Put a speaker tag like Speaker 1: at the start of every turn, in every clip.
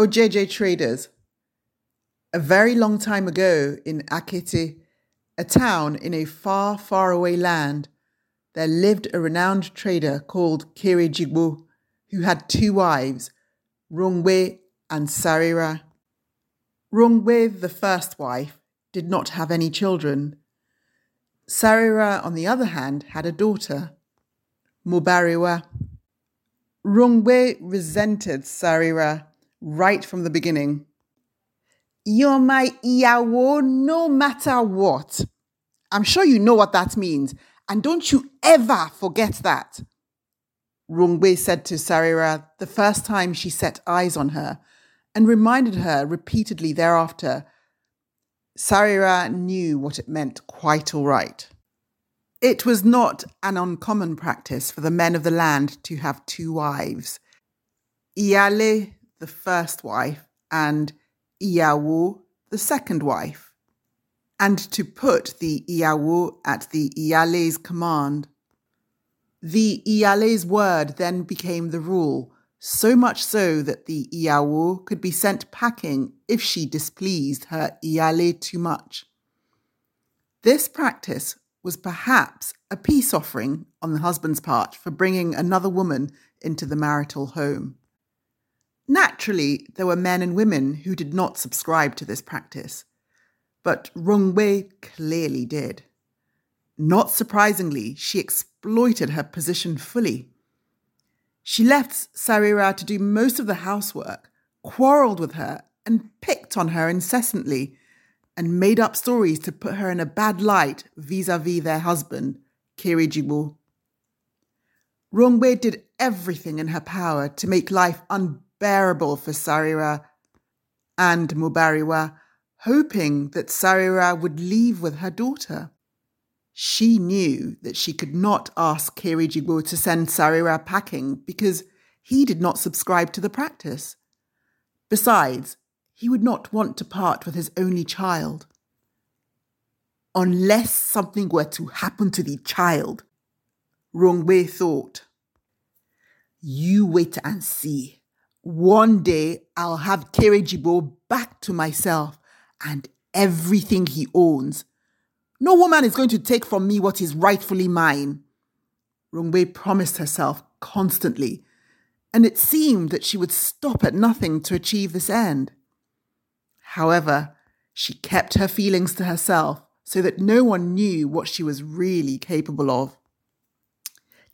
Speaker 1: JJ traders. A very long time ago in Akiti, a town in a far, far away land, there lived a renowned trader called Kiri Jigbo, who had two wives, Rungwe and Sarira. Rungwe, the first wife, did not have any children. Sarira, on the other hand, had a daughter, Mubariwa. Rungwe resented Sarira right from the beginning. You're my Iawo no matter what. I'm sure you know what that means. And don't you ever forget that. Rungwe said to Sarira the first time she set eyes on her and reminded her repeatedly thereafter. Sarira knew what it meant quite all right. It was not an uncommon practice for the men of the land to have two wives. Iale the first wife, and Iyawu, the second wife, and to put the Iyawu at the Iyale's command. The Iyale's word then became the rule, so much so that the Iyawu could be sent packing if she displeased her Iyale too much. This practice was perhaps a peace offering on the husband's part for bringing another woman into the marital home. Naturally, there were men and women who did not subscribe to this practice, but Wei clearly did. Not surprisingly, she exploited her position fully. She left Sarira to do most of the housework, quarrelled with her, and picked on her incessantly, and made up stories to put her in a bad light vis a vis their husband, Kirijibu. Rongwei did everything in her power to make life unbearable bearable for Sarira and Mubariwa, hoping that Sarira would leave with her daughter. She knew that she could not ask Kirijigo to send Sarira packing because he did not subscribe to the practice. Besides, he would not want to part with his only child. Unless something were to happen to the child, Rongwei thought. You wait and see. One day I'll have Kere Jibo back to myself and everything he owns. No woman is going to take from me what is rightfully mine. Rongwei promised herself constantly, and it seemed that she would stop at nothing to achieve this end. However, she kept her feelings to herself so that no one knew what she was really capable of.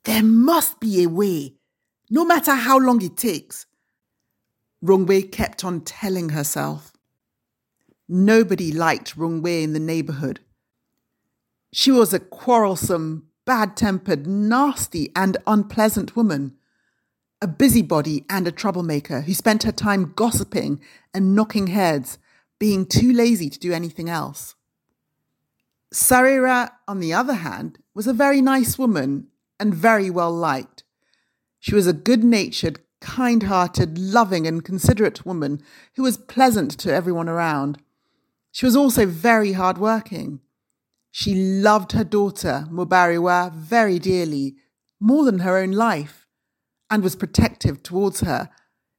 Speaker 1: There must be a way, no matter how long it takes. Rongwei kept on telling herself. Nobody liked Rongwei in the neighborhood. She was a quarrelsome, bad tempered, nasty, and unpleasant woman, a busybody and a troublemaker who spent her time gossiping and knocking heads, being too lazy to do anything else. Sarira, on the other hand, was a very nice woman and very well liked. She was a good natured, kind hearted, loving, and considerate woman who was pleasant to everyone around. She was also very hard working. She loved her daughter, Mubariwa, very dearly, more than her own life, and was protective towards her,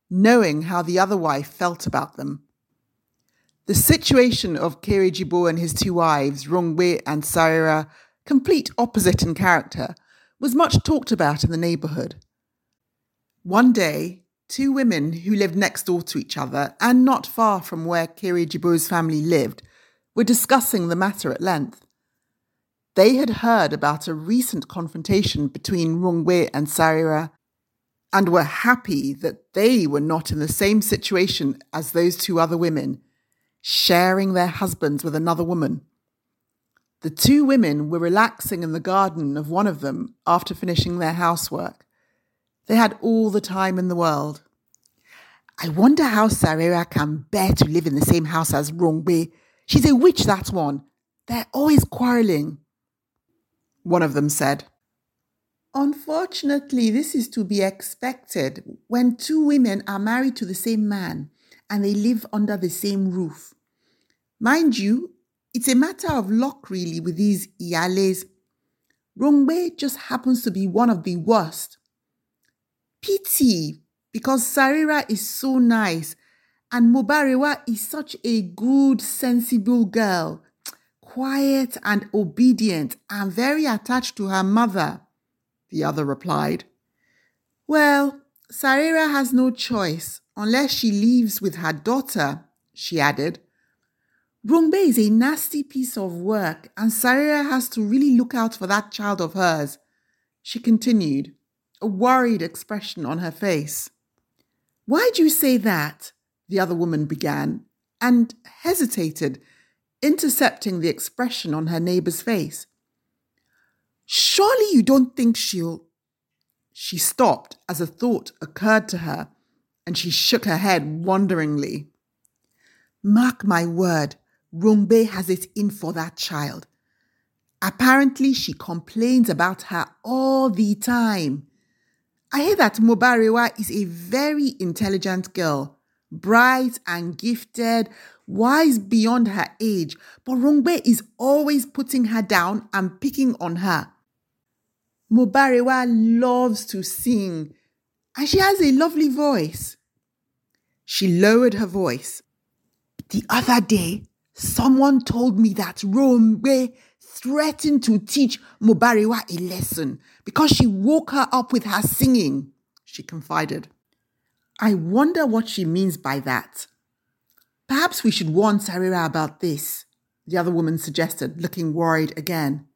Speaker 1: knowing how the other wife felt about them. The situation of Kirijibo and his two wives, Rongwe and Sarira, complete opposite in character, was much talked about in the neighbourhood. One day, two women who lived next door to each other and not far from where Kiri Jibu's family lived were discussing the matter at length. They had heard about a recent confrontation between Rungwe and Sarira and were happy that they were not in the same situation as those two other women, sharing their husbands with another woman. The two women were relaxing in the garden of one of them after finishing their housework. They had all the time in the world. I wonder how Sarera can bear to live in the same house as Rongbe. She's a witch, that one. They're always quarrelling. One of them said, Unfortunately, this is to be expected when two women are married to the same man and they live under the same roof. Mind you, it's a matter of luck, really, with these Iales. Rongbe just happens to be one of the worst pity because Sarira is so nice and Mubarewa is such a good, sensible girl, quiet and obedient and very attached to her mother, the other replied. Well, Sarira has no choice unless she leaves with her daughter, she added. Brumbe is a nasty piece of work, and Sarira has to really look out for that child of hers, she continued a worried expression on her face. Why do you say that? The other woman began and hesitated, intercepting the expression on her neighbour's face. Surely you don't think she'll. She stopped as a thought occurred to her and she shook her head wonderingly. Mark my word, Rumbe has it in for that child. Apparently, she complains about her all the time. I hear that Mubariwa is a very intelligent girl, bright and gifted, wise beyond her age, but Rongbe is always putting her down and picking on her. Mubariwa loves to sing, and she has a lovely voice. She lowered her voice. The other day, someone told me that Rongbe threatened to teach Mubariwa a lesson because she woke her up with her singing, she confided. I wonder what she means by that. Perhaps we should warn Sarira about this, the other woman suggested, looking worried again.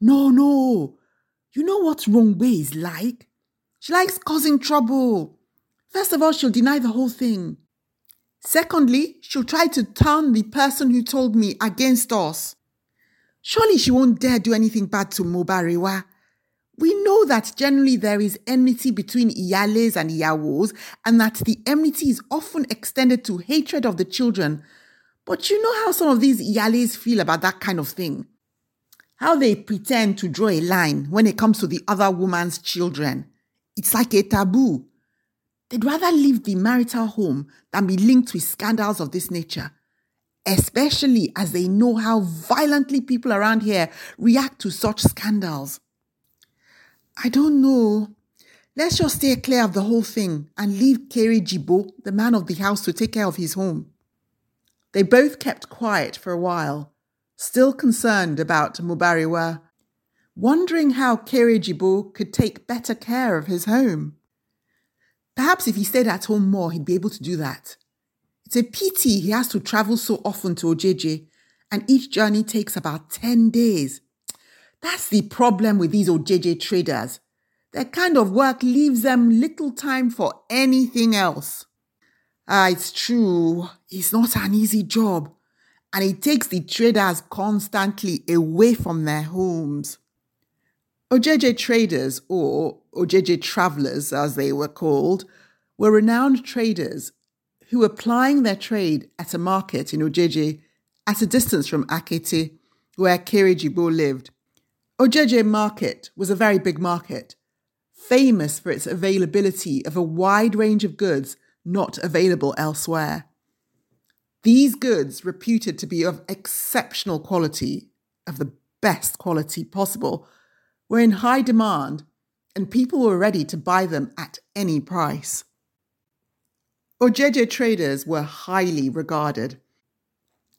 Speaker 1: No, no. You know what Wrongway is like? She likes causing trouble. First of all, she'll deny the whole thing. Secondly, she'll try to turn the person who told me against us. Surely she won't dare do anything bad to Mubariwa. We know that generally there is enmity between Iyales and Iyawos, and that the enmity is often extended to hatred of the children. But you know how some of these Iyales feel about that kind of thing. How they pretend to draw a line when it comes to the other woman's children. It's like a taboo. They'd rather leave the marital home than be linked with scandals of this nature especially as they know how violently people around here react to such scandals. I don't know. Let's just stay clear of the whole thing and leave Kerry Jibo, the man of the house, to take care of his home. They both kept quiet for a while, still concerned about Mubariwa, wondering how Kerry Jibo could take better care of his home. Perhaps if he stayed at home more, he'd be able to do that. It's a pity he has to travel so often to Ojeje, and each journey takes about 10 days. That's the problem with these Ojeje traders. Their kind of work leaves them little time for anything else. Ah, it's true, it's not an easy job, and it takes the traders constantly away from their homes. Ojeje traders, or Ojeje travelers as they were called, were renowned traders who were plying their trade at a market in Ojeje at a distance from Akete, where Kirijibo lived. Ojeje Market was a very big market, famous for its availability of a wide range of goods not available elsewhere. These goods, reputed to be of exceptional quality, of the best quality possible, were in high demand and people were ready to buy them at any price. Ojeje traders were highly regarded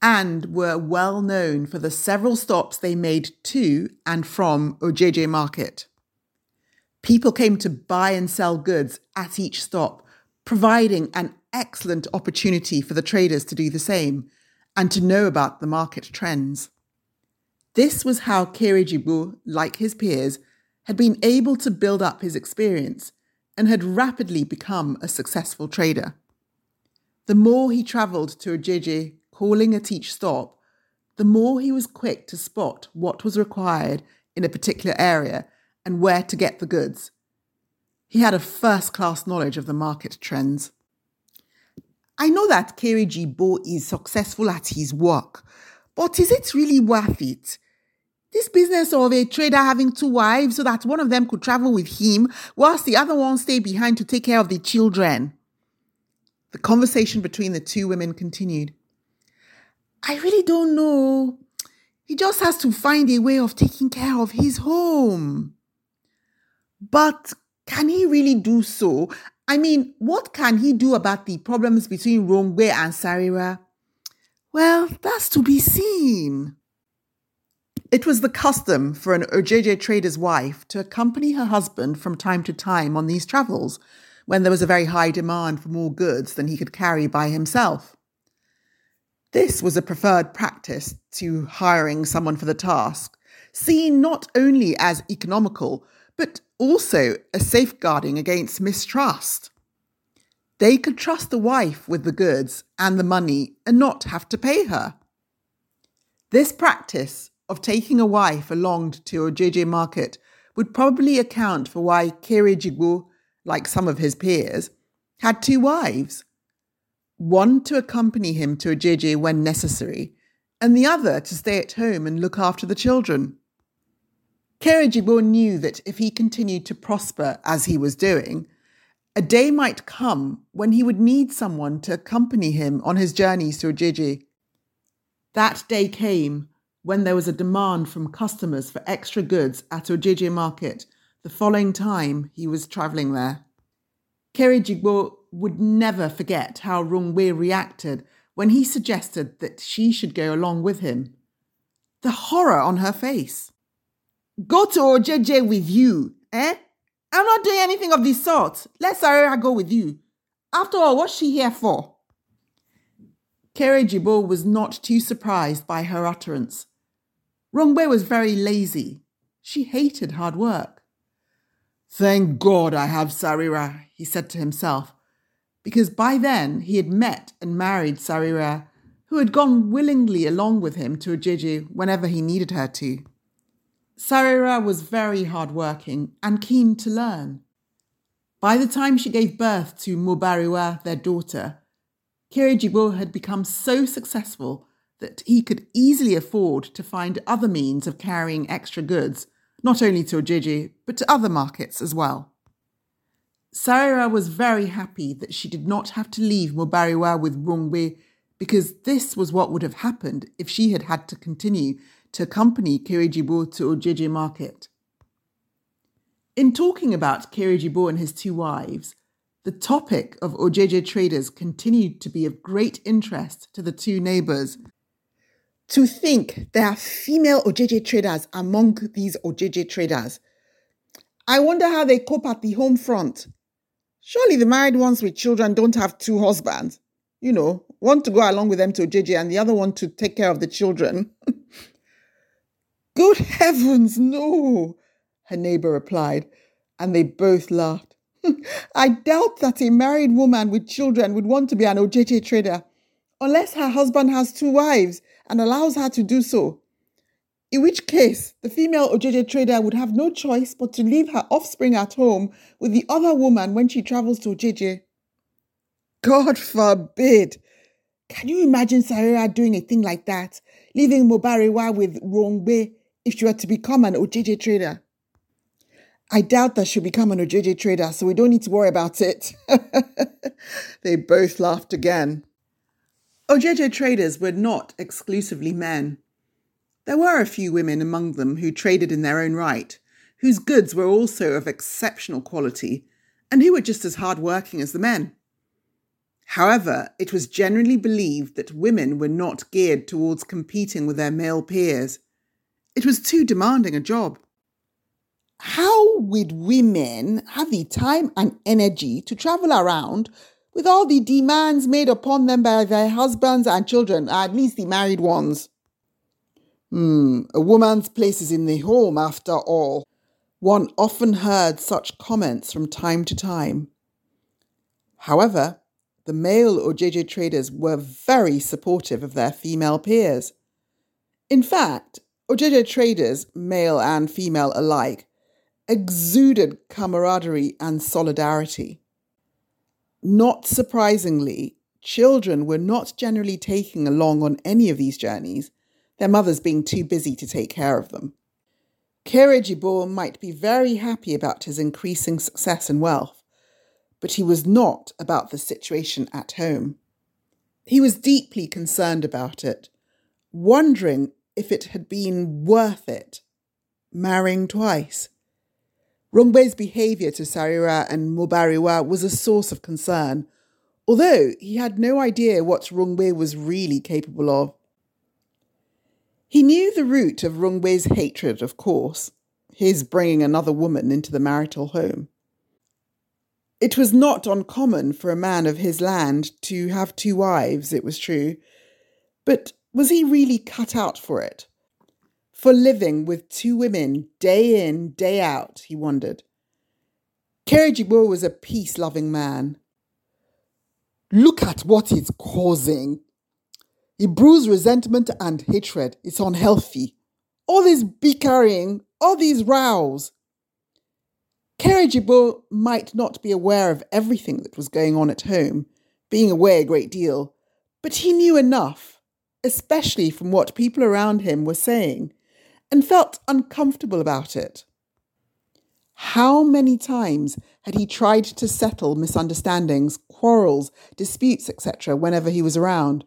Speaker 1: and were well known for the several stops they made to and from Ojeje Market. People came to buy and sell goods at each stop, providing an excellent opportunity for the traders to do the same and to know about the market trends. This was how Kirijibu, like his peers, had been able to build up his experience and had rapidly become a successful trader. The more he travelled to Ojiji, calling at each stop, the more he was quick to spot what was required in a particular area and where to get the goods. He had a first class knowledge of the market trends. I know that Keriji Bo is successful at his work, but is it really worth it? This business of a trader having two wives so that one of them could travel with him whilst the other one stayed behind to take care of the children. The conversation between the two women continued. I really don't know. He just has to find a way of taking care of his home. But can he really do so? I mean, what can he do about the problems between Rongwe and Sarira? Well, that's to be seen. It was the custom for an Ojeje trader's wife to accompany her husband from time to time on these travels, when there was a very high demand for more goods than he could carry by himself. This was a preferred practice to hiring someone for the task, seen not only as economical, but also a safeguarding against mistrust. They could trust the wife with the goods and the money and not have to pay her. This practice of taking a wife along to a JJ market would probably account for why Kere like some of his peers, had two wives one to accompany him to Ajiji when necessary, and the other to stay at home and look after the children. Kerijibo knew that if he continued to prosper as he was doing, a day might come when he would need someone to accompany him on his journeys to Ojiji. That day came when there was a demand from customers for extra goods at Ojiji Market the following time he was travelling there. Kerijigbo would never forget how Rungwe reacted when he suggested that she should go along with him. The horror on her face. Go to Ojeje with you, eh? I'm not doing anything of the sort. Let Sarah go with you. After all, what's she here for? Kerejibo was not too surprised by her utterance. Rongwe was very lazy. She hated hard work. Thank God I have Sarira, he said to himself, because by then he had met and married Sarira, who had gone willingly along with him to Ojiji whenever he needed her to. Sarira was very hardworking and keen to learn. By the time she gave birth to Mubariwa, their daughter, Kirijibo had become so successful that he could easily afford to find other means of carrying extra goods not only to Ojiji, but to other markets as well. Sarira was very happy that she did not have to leave Mubariwa with Rungwe because this was what would have happened if she had had to continue to accompany Kirijibo to Ojiji market. In talking about Kirijibo and his two wives, the topic of Ojiji traders continued to be of great interest to the two neighbours to think there are female OJJ traders among these OJJ traders. I wonder how they cope at the home front. Surely the married ones with children don't have two husbands. You know, one to go along with them to OJJ and the other one to take care of the children. Good heavens, no, her neighbor replied, and they both laughed. I doubt that a married woman with children would want to be an OJJ trader unless her husband has two wives and allows her to do so. In which case, the female Ojeje trader would have no choice but to leave her offspring at home with the other woman when she travels to Ojeje. God forbid! Can you imagine Sarira doing a thing like that, leaving Mobarewa with Rongbe if she were to become an Ojeje trader? I doubt that she'll become an Ojeje trader, so we don't need to worry about it. they both laughed again. Ojeje oh, traders were not exclusively men. There were a few women among them who traded in their own right, whose goods were also of exceptional quality, and who were just as hard working as the men. However, it was generally believed that women were not geared towards competing with their male peers. It was too demanding a job. How would women have the time and energy to travel around with all the demands made upon them by their husbands and children, at least the married ones. Hmm, a woman's place is in the home after all. One often heard such comments from time to time. However, the male Ojeje traders were very supportive of their female peers. In fact, Ojeje traders, male and female alike, exuded camaraderie and solidarity not surprisingly, children were not generally taken along on any of these journeys, their mothers being too busy to take care of them. Kere might be very happy about his increasing success and wealth, but he was not about the situation at home. He was deeply concerned about it, wondering if it had been worth it marrying twice. Rongbe's behaviour to Sarira and Mubariwa was a source of concern, although he had no idea what Rongbe was really capable of. He knew the root of Rongbe's hatred, of course, his bringing another woman into the marital home. It was not uncommon for a man of his land to have two wives, it was true, but was he really cut out for it? for living with two women day in, day out, he wondered. Kerijibo was a peace loving man. Look at what it's causing. It brews resentment and hatred. It's unhealthy. All this bickering, all these rows. Kerijibo might not be aware of everything that was going on at home, being away a great deal, but he knew enough, especially from what people around him were saying, and felt uncomfortable about it. How many times had he tried to settle misunderstandings, quarrels, disputes, etc., whenever he was around?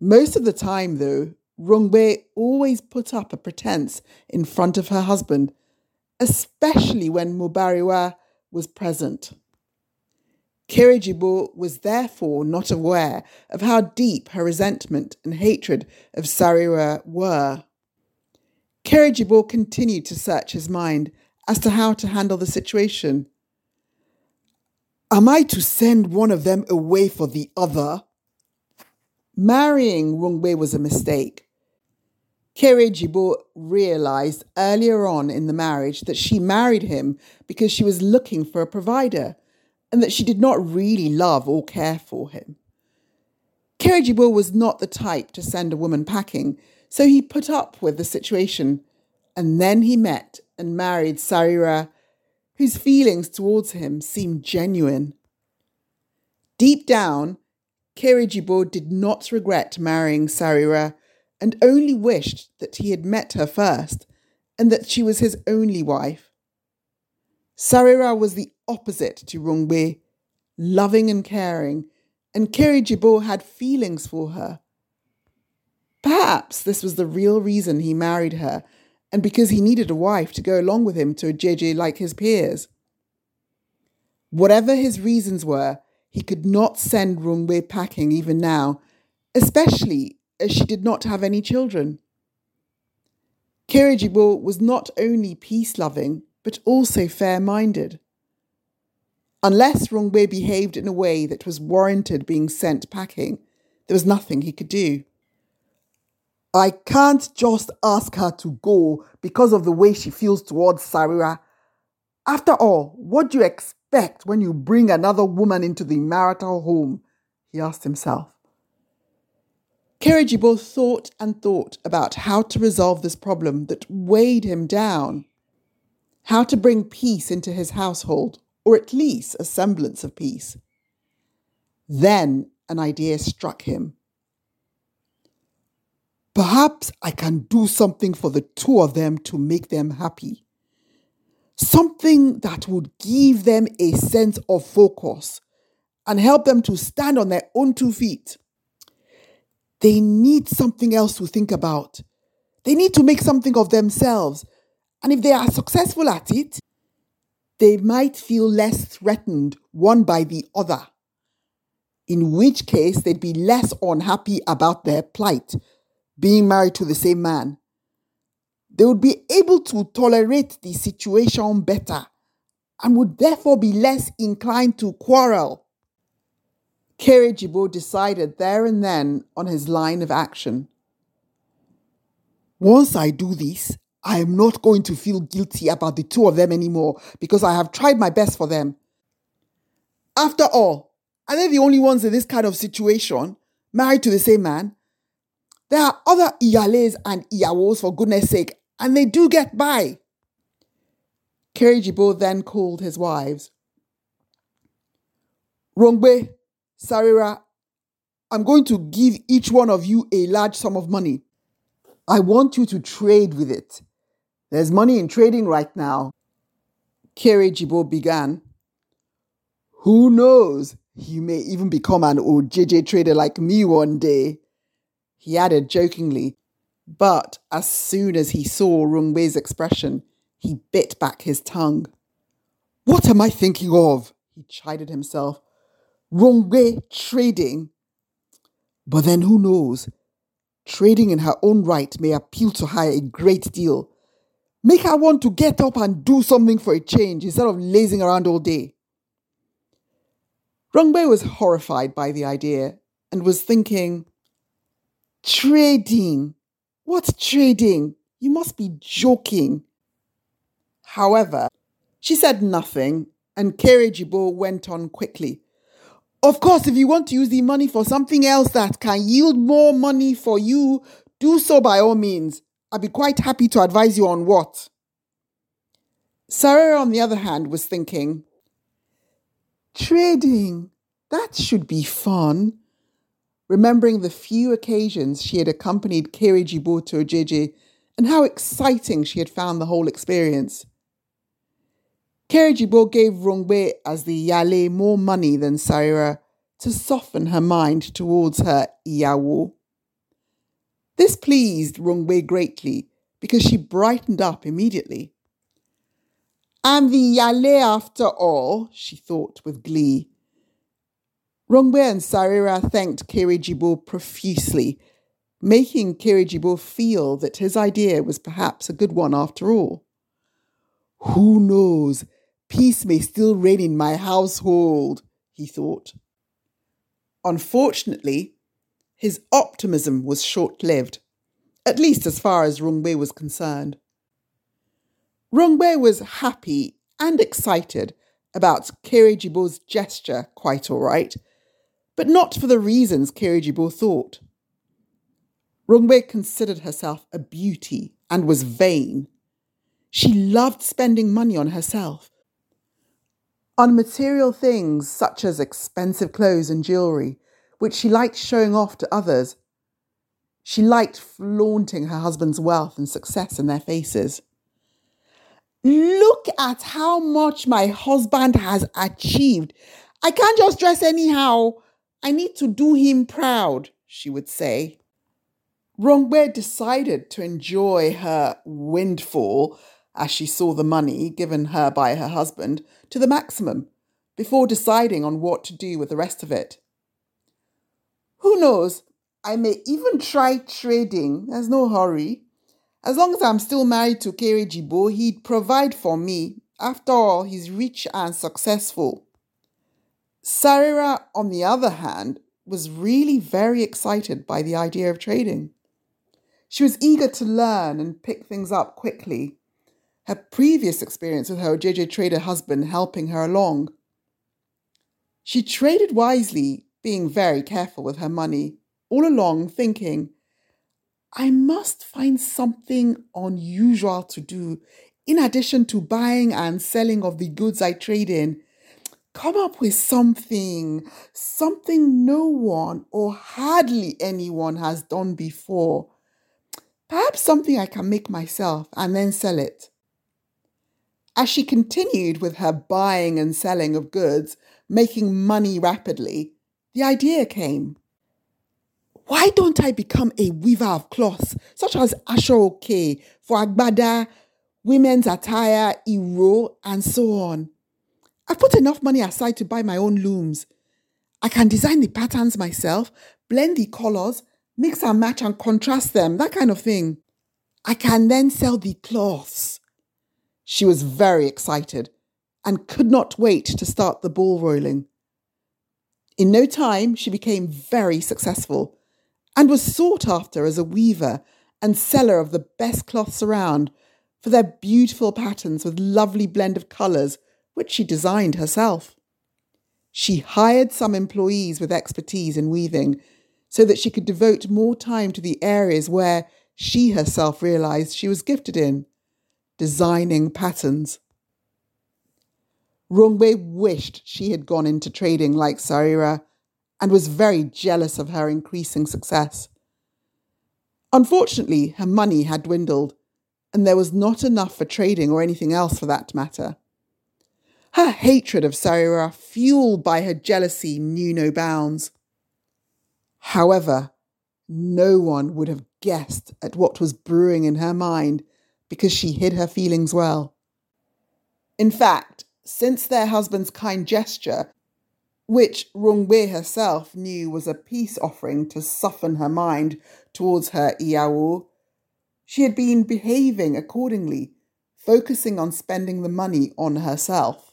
Speaker 1: Most of the time, though, Rongwei always put up a pretense in front of her husband, especially when Mubariwa was present. Kirijibo was therefore not aware of how deep her resentment and hatred of Sariwa were. Kerijibo continued to search his mind as to how to handle the situation. Am I to send one of them away for the other? Marrying Rungwe was a mistake. Kerijibo realized earlier on in the marriage that she married him because she was looking for a provider and that she did not really love or care for him. Kerijibo was not the type to send a woman packing, so he put up with the situation, and then he met and married Sarira, whose feelings towards him seemed genuine. Deep down, Kirijibo did not regret marrying Sarira and only wished that he had met her first and that she was his only wife. Sarira was the opposite to Rungbe, loving and caring, and Kirijibo had feelings for her, Perhaps this was the real reason he married her, and because he needed a wife to go along with him to a JJ like his peers. Whatever his reasons were, he could not send Rungwe packing even now, especially as she did not have any children. Kirijibo was not only peace loving, but also fair minded. Unless Rungwe behaved in a way that was warranted being sent packing, there was nothing he could do. I can't just ask her to go because of the way she feels towards Sarira. After all, what do you expect when you bring another woman into the marital home? He asked himself. Kirijibo thought and thought about how to resolve this problem that weighed him down, how to bring peace into his household, or at least a semblance of peace. Then an idea struck him. Perhaps I can do something for the two of them to make them happy. Something that would give them a sense of focus and help them to stand on their own two feet. They need something else to think about. They need to make something of themselves. And if they are successful at it, they might feel less threatened one by the other, in which case they'd be less unhappy about their plight being married to the same man, they would be able to tolerate the situation better and would therefore be less inclined to quarrel. Kirijibo decided there and then on his line of action. Once I do this, I am not going to feel guilty about the two of them anymore because I have tried my best for them. After all, are they the only ones in this kind of situation, married to the same man? There are other Iyales and Iyawos, for goodness sake, and they do get by. Kerijibo then called his wives. Rongbe, Sarira, I'm going to give each one of you a large sum of money. I want you to trade with it. There's money in trading right now. Kerijibo began. Who knows? You may even become an OJJ trader like me one day. He added jokingly, but as soon as he saw Rungwe's expression, he bit back his tongue. What am I thinking of? He chided himself. Rungwe trading. But then who knows? Trading in her own right may appeal to her a great deal. Make her want to get up and do something for a change instead of lazing around all day. Rungwe was horrified by the idea and was thinking, Trading. What trading? You must be joking. However, she said nothing, and Kerejibo went on quickly. Of course, if you want to use the money for something else that can yield more money for you, do so by all means. I'd be quite happy to advise you on what. Sarah, on the other hand, was thinking, Trading, that should be fun remembering the few occasions she had accompanied Kirijibo to jiji, and how exciting she had found the whole experience. Kirijibo gave Rongbe as the Yale more money than Saira to soften her mind towards her Iyawo. This pleased Rongbe greatly because she brightened up immediately. I'm the Yale after all, she thought with glee, Rongwe and Sarira thanked Kirijibo profusely, making Kirijibo feel that his idea was perhaps a good one after all. Who knows? Peace may still reign in my household, he thought. Unfortunately, his optimism was short lived, at least as far as Rongwe was concerned. Rongwe was happy and excited about Kirijibo's gesture quite all right, but not for the reasons Kirijibo thought. Rongwe considered herself a beauty and was vain. She loved spending money on herself, on material things such as expensive clothes and jewellery, which she liked showing off to others. She liked flaunting her husband's wealth and success in their faces. Look at how much my husband has achieved. I can't just dress anyhow. I need to do him proud, she would say. Rongbe decided to enjoy her windfall as she saw the money given her by her husband to the maximum before deciding on what to do with the rest of it. Who knows? I may even try trading. There's no hurry. As long as I'm still married to Kerry Jibo, he'd provide for me. After all, he's rich and successful. Sarira, on the other hand, was really very excited by the idea of trading. She was eager to learn and pick things up quickly. Her previous experience with her JJ trader husband helping her along. She traded wisely, being very careful with her money, all along thinking, I must find something unusual to do in addition to buying and selling of the goods I trade in come up with something, something no one or hardly anyone has done before. Perhaps something I can make myself and then sell it. As she continued with her buying and selling of goods, making money rapidly, the idea came. Why don't I become a weaver of cloth, such as Ashoke for Agbada, women's attire, Iro, and so on? I've put enough money aside to buy my own looms. I can design the patterns myself, blend the colors, mix and match and contrast them, that kind of thing. I can then sell the cloths. She was very excited and could not wait to start the ball rolling. In no time, she became very successful and was sought after as a weaver and seller of the best cloths around for their beautiful patterns with lovely blend of colours which she designed herself. She hired some employees with expertise in weaving so that she could devote more time to the areas where she herself realized she was gifted in designing patterns. Rongwei wished she had gone into trading like Sarira and was very jealous of her increasing success. Unfortunately, her money had dwindled, and there was not enough for trading or anything else for that matter. Her hatred of Sarira, fueled by her jealousy, knew no bounds. However, no one would have guessed at what was brewing in her mind because she hid her feelings well. In fact, since their husband's kind gesture, which Rongwe herself knew was a peace offering to soften her mind towards her Iao, she had been behaving accordingly, focusing on spending the money on herself.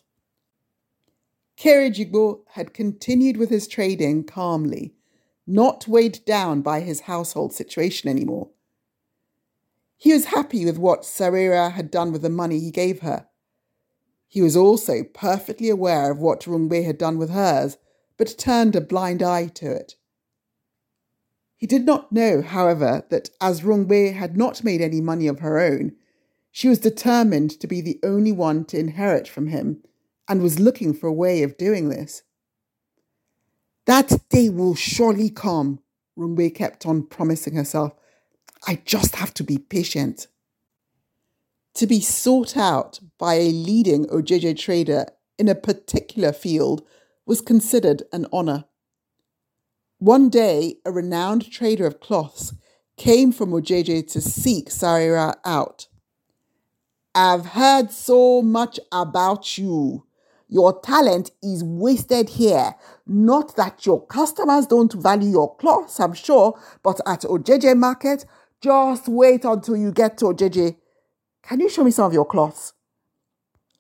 Speaker 1: Kirigigbo had continued with his trading calmly, not weighed down by his household situation anymore. He was happy with what Sarira had done with the money he gave her. He was also perfectly aware of what Rungwe had done with hers, but turned a blind eye to it. He did not know, however, that as Rongwe had not made any money of her own, she was determined to be the only one to inherit from him and was looking for a way of doing this. That day will surely come, Rumbe kept on promising herself. I just have to be patient. To be sought out by a leading OJJ trader in a particular field was considered an honour. One day, a renowned trader of cloths came from Ojeje to seek Sarira out. I've heard so much about you, your talent is wasted here. Not that your customers don't value your cloths, I'm sure, but at OJJ Market, just wait until you get to OJJ. Can you show me some of your cloths?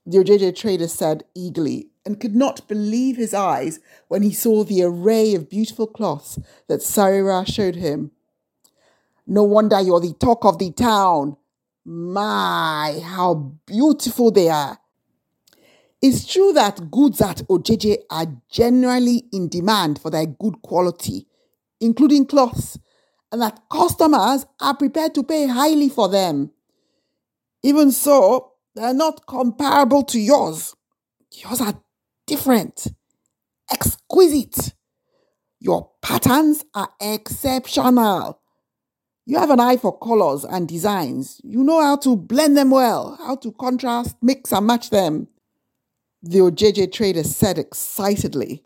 Speaker 1: The OJJ trader said eagerly and could not believe his eyes when he saw the array of beautiful cloths that Sarira showed him. No wonder you're the talk of the town. My, how beautiful they are. It's true that goods at OJJ are generally in demand for their good quality, including cloths, and that customers are prepared to pay highly for them. Even so, they're not comparable to yours. Yours are different, exquisite. Your patterns are exceptional. You have an eye for colors and designs. You know how to blend them well, how to contrast, mix, and match them the OJJ trader said excitedly.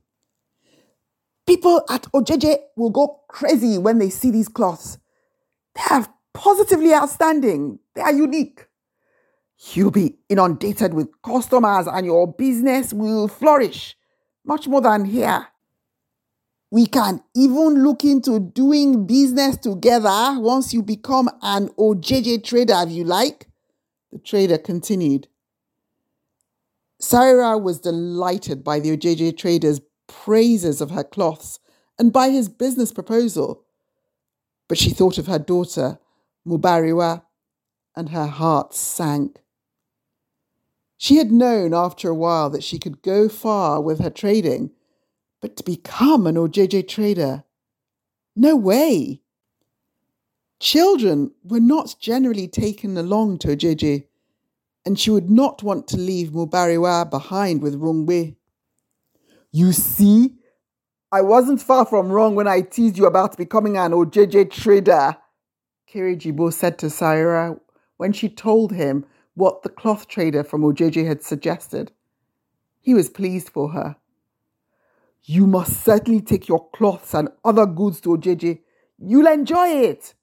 Speaker 1: People at OJJ will go crazy when they see these cloths. They are positively outstanding. They are unique. You'll be inundated with customers and your business will flourish much more than here. We can even look into doing business together once you become an OJJ trader, if you like. The trader continued. Saira was delighted by the Ojeje trader's praises of her cloths and by his business proposal. But she thought of her daughter, Mubariwa, and her heart sank. She had known after a while that she could go far with her trading, but to become an Ojeje trader, no way. Children were not generally taken along to Ojeje and she would not want to leave Mubariwa behind with Rungwe. You see, I wasn't far from wrong when I teased you about becoming an OJJ trader, Kirijibo said to Saira when she told him what the cloth trader from OJJ had suggested. He was pleased for her. You must certainly take your cloths and other goods to OJJ. You'll enjoy it.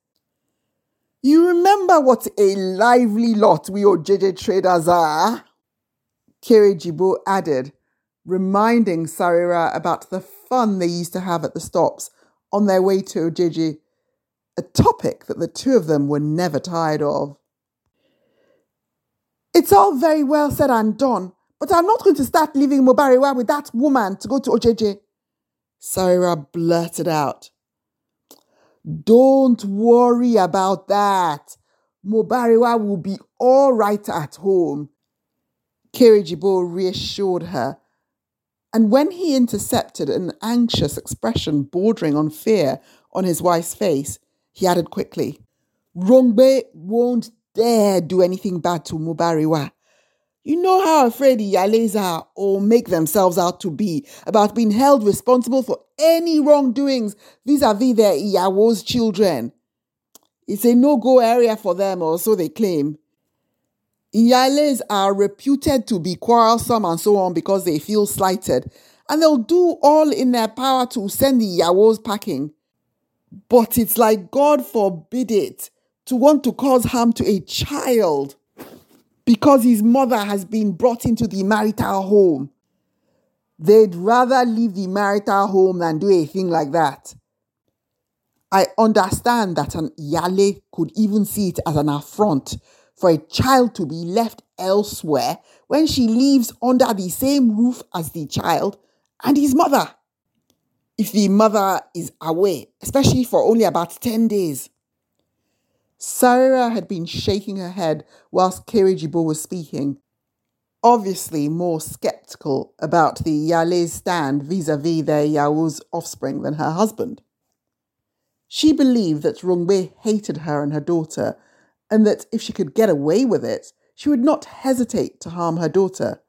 Speaker 1: You remember what a lively lot we JJ traders are? Kiri Jibo added, reminding Sarira about the fun they used to have at the stops on their way to JJ, a topic that the two of them were never tired of. It's all very well said and done, but I'm not going to start leaving Mubariwa with that woman to go to Ojeje. Sarira blurted out. Don't worry about that. Mubariwa will be all right at home. Kirijibo reassured her. And when he intercepted an anxious expression bordering on fear on his wife's face, he added quickly, Rongbe won't dare do anything bad to Mubariwa. You know how afraid Yales are or make themselves out to be about being held responsible for any wrongdoings vis a vis their Iyawo's children. It's a no go area for them, or so they claim. Iyales are reputed to be quarrelsome and so on because they feel slighted, and they'll do all in their power to send the Yawos packing. But it's like God forbid it to want to cause harm to a child because his mother has been brought into the marital home. They'd rather leave the marital home than do a thing like that. I understand that an Yale could even see it as an affront for a child to be left elsewhere when she lives under the same roof as the child and his mother. If the mother is away, especially for only about 10 days, Sarah had been shaking her head whilst Kirijibo was speaking, obviously more sceptical about the Yale's stand vis a vis their Yao's offspring than her husband. She believed that Rongwe hated her and her daughter, and that if she could get away with it, she would not hesitate to harm her daughter.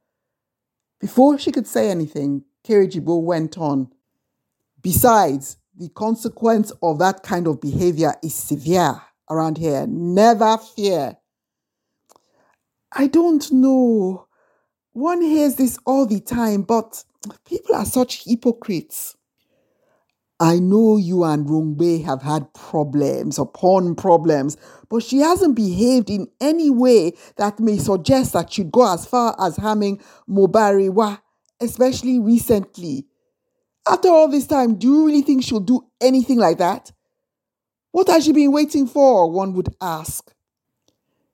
Speaker 1: Before she could say anything, Kirijibo went on. Besides, the consequence of that kind of behavior is severe around here. Never fear. I don't know. One hears this all the time, but people are such hypocrites. I know you and Rongbe have had problems upon problems, but she hasn't behaved in any way that may suggest that she'd go as far as harming Mobariwa, especially recently. After all this time, do you really think she'll do anything like that? What has she been waiting for? One would ask.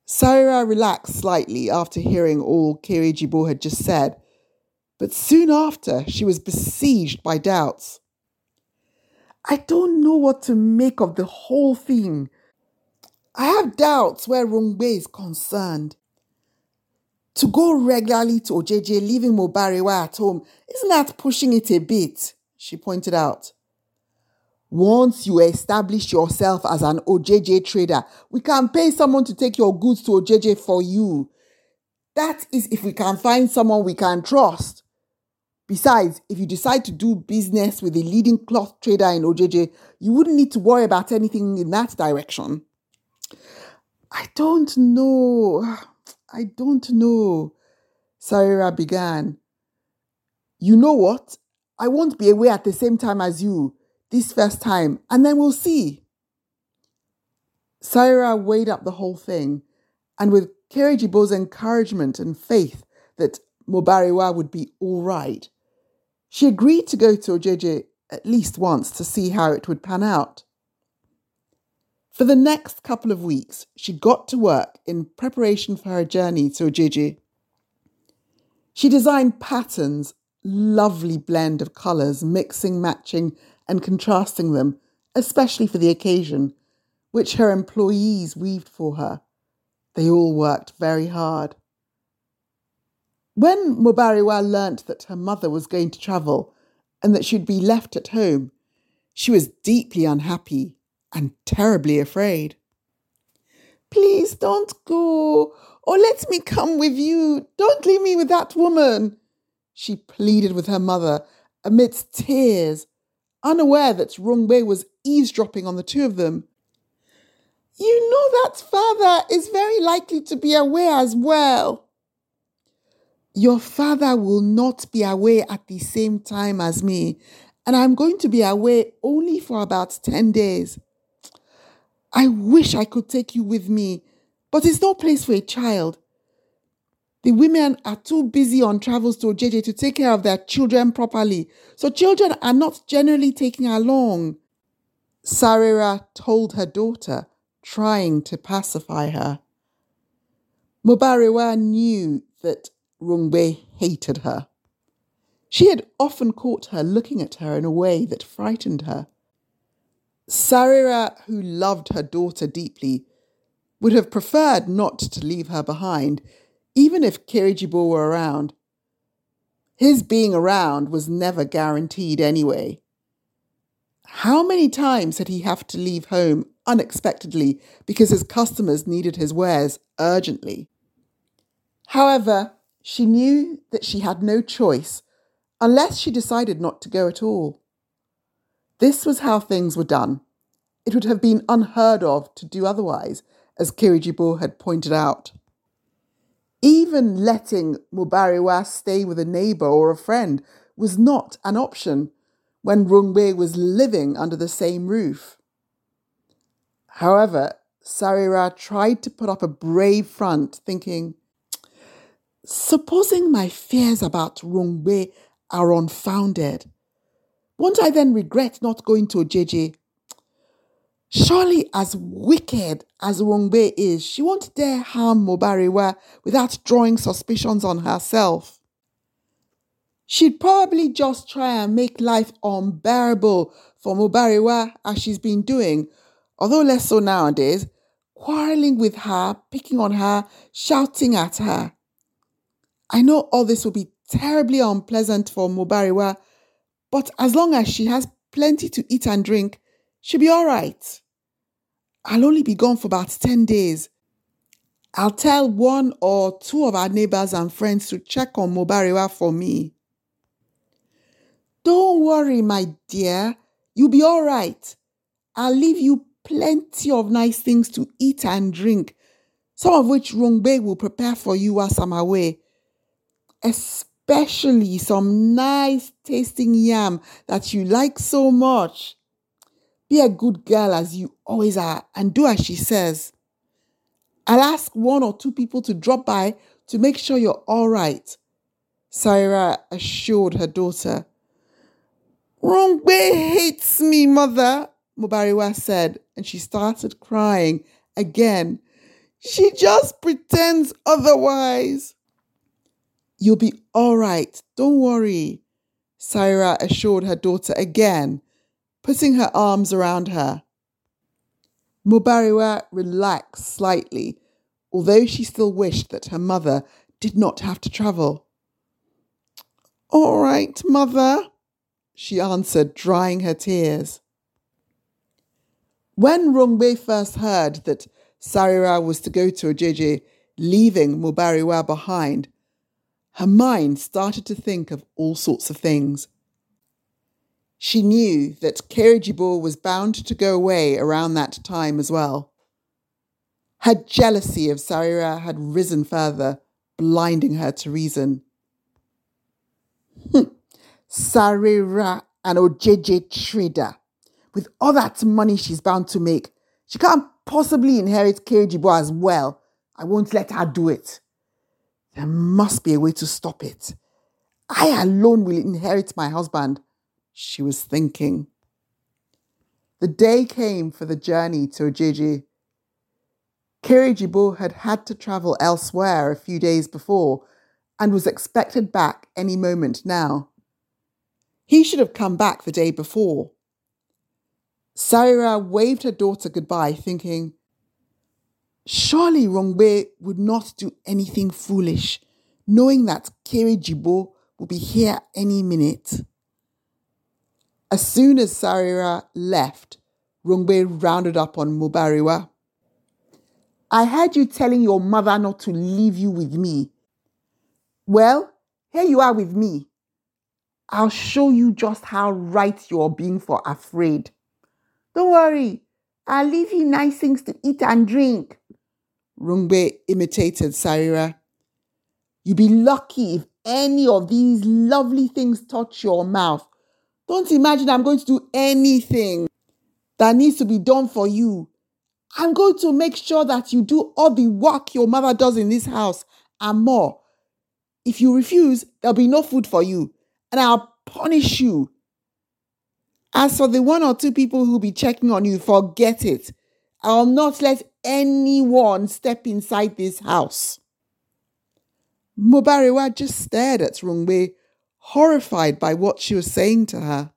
Speaker 1: Sarah relaxed slightly after hearing all Kirijibo had just said, but soon after she was besieged by doubts. I don't know what to make of the whole thing. I have doubts where Rongbe is concerned. To go regularly to OJJ, leaving Mobariwa at home, isn't that pushing it a bit? She pointed out. Once you establish yourself as an OJJ trader, we can pay someone to take your goods to OJJ for you. That is if we can find someone we can trust. Besides, if you decide to do business with a leading cloth trader in OJJ, you wouldn't need to worry about anything in that direction. I don't know. I don't know. Sarira began. You know what? I won't be away at the same time as you this first time, and then we'll see. Sarah weighed up the whole thing, and with Kerry Jibo's encouragement and faith that Mubariwa would be all right, she agreed to go to Ojeje at least once to see how it would pan out. For the next couple of weeks, she got to work in preparation for her journey to Ojiji. She designed patterns, lovely blend of colours, mixing, matching, and contrasting them, especially for the occasion, which her employees weaved for her. They all worked very hard. When Mubariwa learnt that her mother was going to travel and that she'd be left at home, she was deeply unhappy and terribly afraid. Please don't go, or let me come with you. Don't leave me with that woman, she pleaded with her mother amidst tears unaware that Rong Wei was eavesdropping on the two of them. You know that father is very likely to be away as well. Your father will not be away at the same time as me, and I'm going to be away only for about 10 days. I wish I could take you with me, but it's no place for a child. The women are too busy on travels to JJ to take care of their children properly, so children are not generally taken along. Sarira told her daughter, trying to pacify her. Mubarewa knew that Rungwe hated her. She had often caught her looking at her in a way that frightened her. Sarira, who loved her daughter deeply, would have preferred not to leave her behind even if Kerry Jibo were around, his being around was never guaranteed anyway. How many times had he have to leave home unexpectedly because his customers needed his wares urgently? However, she knew that she had no choice unless she decided not to go at all. This was how things were done. It would have been unheard of to do otherwise, as Kiriji had pointed out. Even letting Mubariwa stay with a neighbor or a friend was not an option when Rungwe was living under the same roof. However, Sarira tried to put up a brave front, thinking, Supposing my fears about Rungwe are unfounded, won't I then regret not going to Ojeje Surely, as wicked as Wongbe is, she won't dare harm Mobariwa without drawing suspicions on herself. She'd probably just try and make life unbearable for Mobariwa as she's been doing, although less so nowadays, quarreling with her, picking on her, shouting at her. I know all this will be terribly unpleasant for Mobariwa, but as long as she has plenty to eat and drink, She'll be all right. I'll only be gone for about 10 days. I'll tell one or two of our neighbors and friends to check on Mubariwa for me. Don't worry, my dear. You'll be all right. I'll leave you plenty of nice things to eat and drink, some of which Rungbe will prepare for you while I'm away. Especially some nice tasting yam that you like so much. Be a good girl as you always are and do as she says. I'll ask one or two people to drop by to make sure you're all right, Sarah assured her daughter. Rongbe hates me, mother, Mubariwa said, and she started crying again. She just pretends otherwise. You'll be all right, don't worry, Sarah assured her daughter again putting her arms around her. Mubariwa relaxed slightly, although she still wished that her mother did not have to travel. All right, mother, she answered, drying her tears. When Rongbe first heard that Sarira was to go to Ojeje, leaving Mubariwa behind, her mind started to think of all sorts of things she knew that Kirigibor was bound to go away around that time as well. Her jealousy of Sarira had risen further, blinding her to reason. Hmm. Sarira and Ojeje Trida. With all that money she's bound to make, she can't possibly inherit Kirigibor as well. I won't let her do it. There must be a way to stop it. I alone will inherit my husband she was thinking. The day came for the journey to Ojiji. Kirijibo had had to travel elsewhere a few days before and was expected back any moment now. He should have come back the day before. Sarah waved her daughter goodbye, thinking, Surely Rongbe would not do anything foolish, knowing that Kirijibo will be here any minute. As soon as Sarira left, Rungbe rounded up on Mubariwa. I heard you telling your mother not to leave you with me. Well, here you are with me. I'll show you just how right you're being for afraid. Don't worry, I'll leave you nice things to eat and drink. Rungbe imitated Sarira. You'll be lucky if any of these lovely things touch your mouth. Don't imagine I'm going to do anything that needs to be done for you. I'm going to make sure that you do all the work your mother does in this house and more. If you refuse, there'll be no food for you, and I'll punish you. As for the one or two people who'll be checking on you, forget it. I'll not let anyone step inside this house. Mubariwa just stared at Rungwe horrified by what she was saying to her.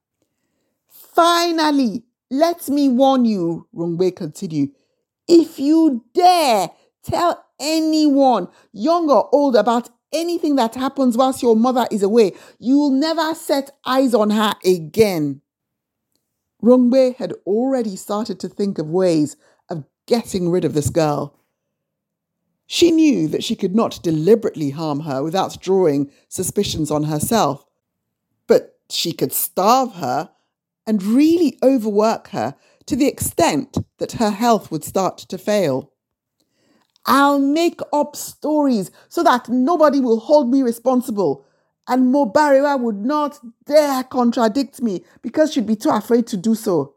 Speaker 1: Finally, let me warn you, Rongwei continued. If you dare tell anyone, young or old, about anything that happens whilst your mother is away, you'll never set eyes on her again. Rongwei had already started to think of ways of getting rid of this girl. She knew that she could not deliberately harm her without drawing suspicions on herself, but she could starve her and really overwork her to the extent that her health would start to fail. I'll make up stories so that nobody will hold me responsible. And Mobariwa would not dare contradict me because she'd be too afraid to do so.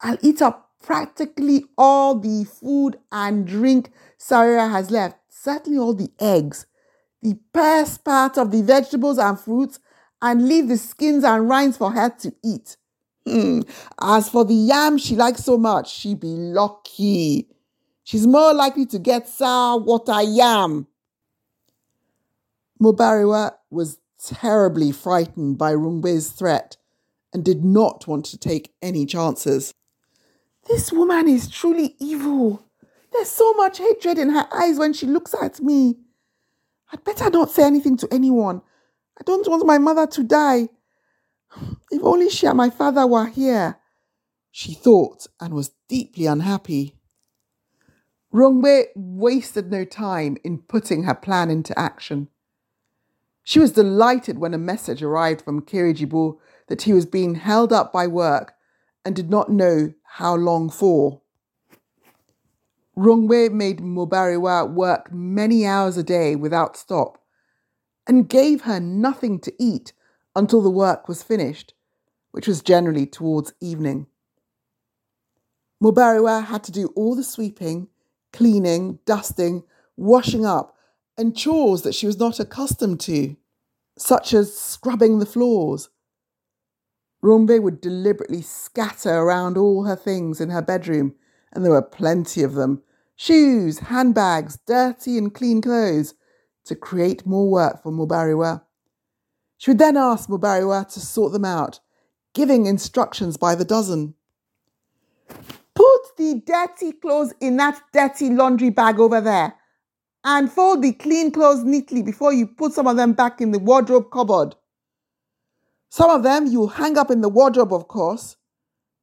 Speaker 1: I'll eat up practically all the food and drink Sarah has left, certainly all the eggs, the best part of the vegetables and fruits, and leave the skins and rinds for her to eat. Hmm. As for the yam she likes so much, she be lucky. She's more likely to get sour water yam. Mubariwa was terribly frightened by Rumbe's threat and did not want to take any chances. This woman is truly evil. There's so much hatred in her eyes when she looks at me. I'd better not say anything to anyone. I don't want my mother to die. If only she and my father were here, she thought and was deeply unhappy. Rongwe wasted no time in putting her plan into action. She was delighted when a message arrived from Kirijibo that he was being held up by work and did not know how long for? Rungwe made Mubariwa work many hours a day without stop and gave her nothing to eat until the work was finished, which was generally towards evening. Mubariwa had to do all the sweeping, cleaning, dusting, washing up, and chores that she was not accustomed to, such as scrubbing the floors, Rumbe would deliberately scatter around all her things in her bedroom, and there were plenty of them shoes, handbags, dirty and clean clothes to create more work for Mubariwa. She would then ask Mubariwa to sort them out, giving instructions by the dozen. Put the dirty clothes in that dirty laundry bag over there and fold the clean clothes neatly before you put some of them back in the wardrobe cupboard. Some of them you hang up in the wardrobe, of course.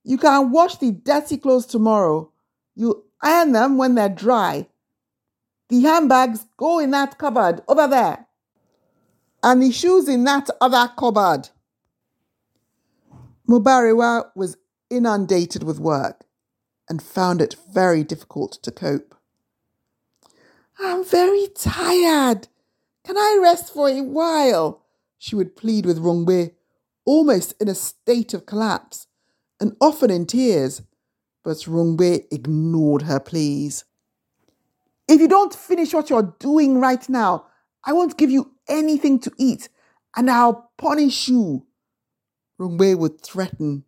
Speaker 1: You can wash the dirty clothes tomorrow. You iron them when they're dry. The handbags go in that cupboard over there, and the shoes in that other cupboard. Mubariwa was inundated with work and found it very difficult to cope. I'm very tired. Can I rest for a while? She would plead with Rongwe, almost in a state of collapse and often in tears, but Rungwe ignored her pleas. If you don't finish what you're doing right now, I won't give you anything to eat and I'll punish you, Rungwe would threaten.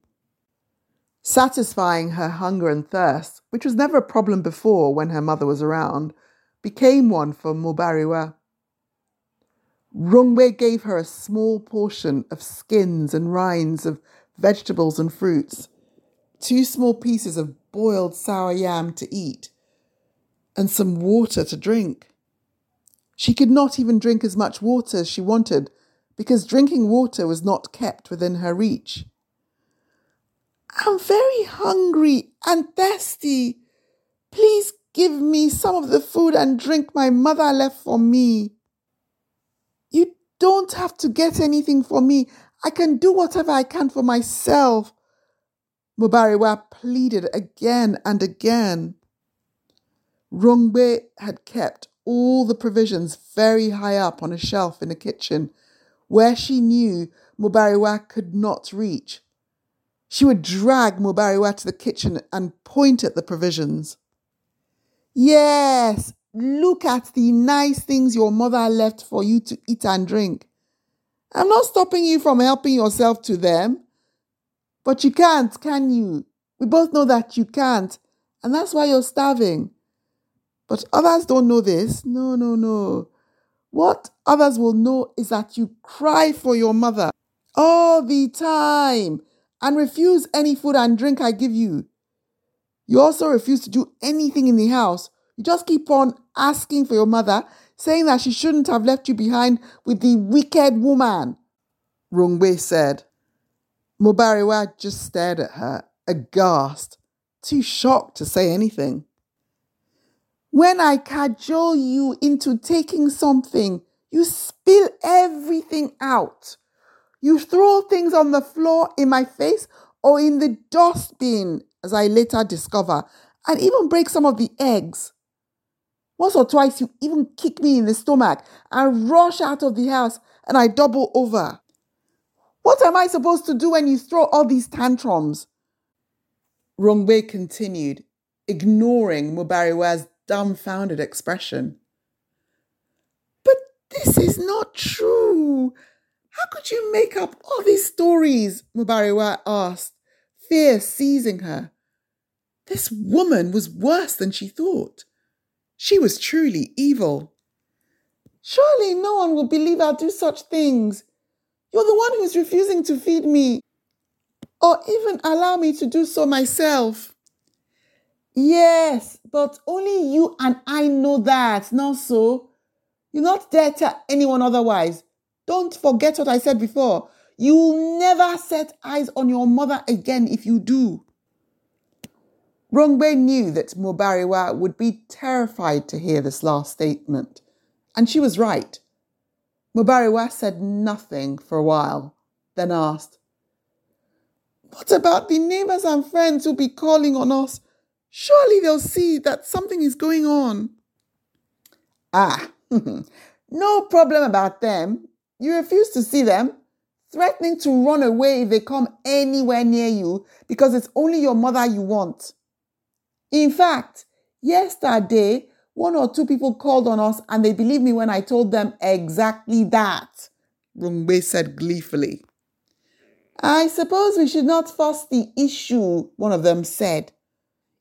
Speaker 1: Satisfying her hunger and thirst, which was never a problem before when her mother was around, became one for Mubariwa. Rungwe gave her a small portion of skins and rinds of vegetables and fruits, two small pieces of boiled sour yam to eat, and some water to drink. She could not even drink as much water as she wanted because drinking water was not kept within her reach. I'm very hungry and thirsty. Please give me some of the food and drink my mother left for me don't have to get anything for me. I can do whatever I can for myself. Mubariwa pleaded again and again. Rongbe had kept all the provisions very high up on a shelf in the kitchen, where she knew Mubariwa could not reach. She would drag Mubariwa to the kitchen and point at the provisions. Yes, Look at the nice things your mother left for you to eat and drink. I'm not stopping you from helping yourself to them, but you can't, can you? We both know that you can't, and that's why you're starving. But others don't know this. No, no, no. What others will know is that you cry for your mother all the time and refuse any food and drink I give you. You also refuse to do anything in the house. You just keep on asking for your mother, saying that she shouldn't have left you behind with the wicked woman, Rungwe said. Mubariwa just stared at her, aghast, too shocked to say anything. When I cajole you into taking something, you spill everything out. You throw things on the floor in my face or in the dustbin, as I later discover, and even break some of the eggs. Once or twice, you even kick me in the stomach and rush out of the house, and I double over. What am I supposed to do when you throw all these tantrums? Rongwei continued, ignoring Mubariwa's dumbfounded expression. But this is not true. How could you make up all these stories? Mubariwa asked, fear seizing her. This woman was worse than she thought. She was truly evil. Surely no one will believe I'll do such things. You're the one who's refusing to feed me, or even allow me to do so myself. Yes, but only you and I know that, not so. You're not there to tell anyone otherwise. Don't forget what I said before. You'll never set eyes on your mother again if you do. Rongbei knew that Mubariwa would be terrified to hear this last statement, and she was right. Mubariwa said nothing for a while, then asked, What about the neighbors and friends who'll be calling on us? Surely they'll see that something is going on. Ah, no problem about them. You refuse to see them, threatening to run away if they come anywhere near you because it's only your mother you want. In fact, yesterday, one or two people called on us and they believed me when I told them exactly that, Rungbe said gleefully. I suppose we should not force the issue, one of them said.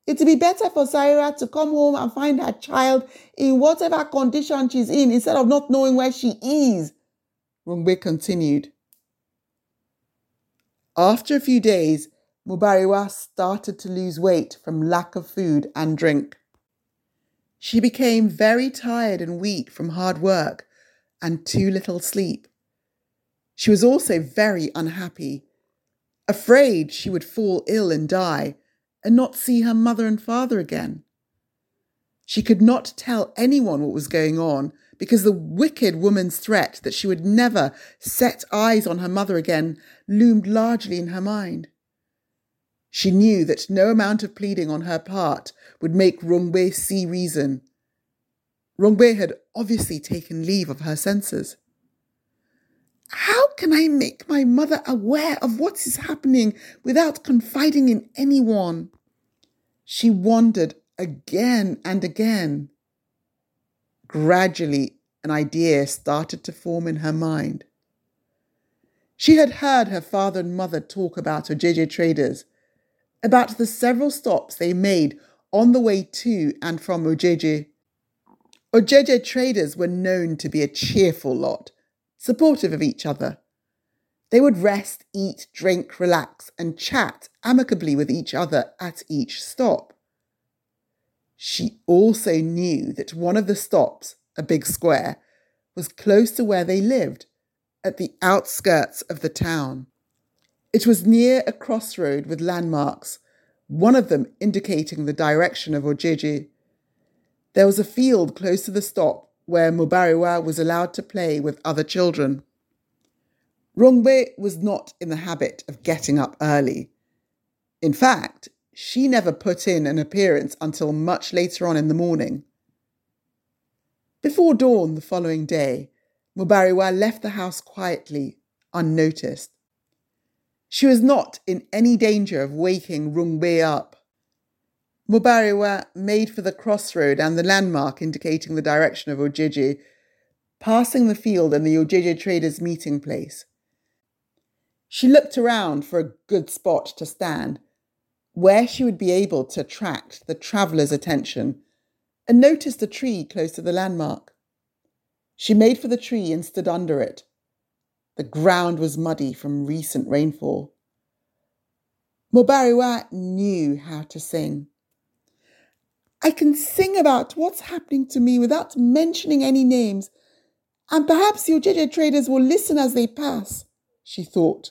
Speaker 1: It would be better for Saira to come home and find her child in whatever condition she's in instead of not knowing where she is, Rungbe continued. After a few days, Mubariwa started to lose weight from lack of food and drink. She became very tired and weak from hard work and too little sleep. She was also very unhappy, afraid she would fall ill and die and not see her mother and father again. She could not tell anyone what was going on because the wicked woman's threat that she would never set eyes on her mother again loomed largely in her mind. She knew that no amount of pleading on her part would make Rongbe see reason. Rongbe had obviously taken leave of her senses. How can I make my mother aware of what is happening without confiding in anyone? She wondered again and again. Gradually, an idea started to form in her mind. She had heard her father and mother talk about Ojeje traders about the several stops they made on the way to and from Ojeje. Ojeje traders were known to be a cheerful lot, supportive of each other. They would rest, eat, drink, relax, and chat amicably with each other at each stop. She also knew that one of the stops, a big square, was close to where they lived, at the outskirts of the town. It was near a crossroad with landmarks, one of them indicating the direction of Ojeje. There was a field close to the stop where Mubariwa was allowed to play with other children. Rongbe was not in the habit of getting up early. In fact, she never put in an appearance until much later on in the morning. Before dawn the following day, Mubariwa left the house quietly, unnoticed. She was not in any danger of waking Rungbei up. Mubariwa made for the crossroad and the landmark indicating the direction of Ojiji, passing the field and the Ojiji traders' meeting place. She looked around for a good spot to stand, where she would be able to attract the traveller's attention, and noticed a tree close to the landmark. She made for the tree and stood under it. The ground was muddy from recent rainfall. Mobariwa knew how to sing. I can sing about what's happening to me without mentioning any names, and perhaps the Ojeje traders will listen as they pass, she thought.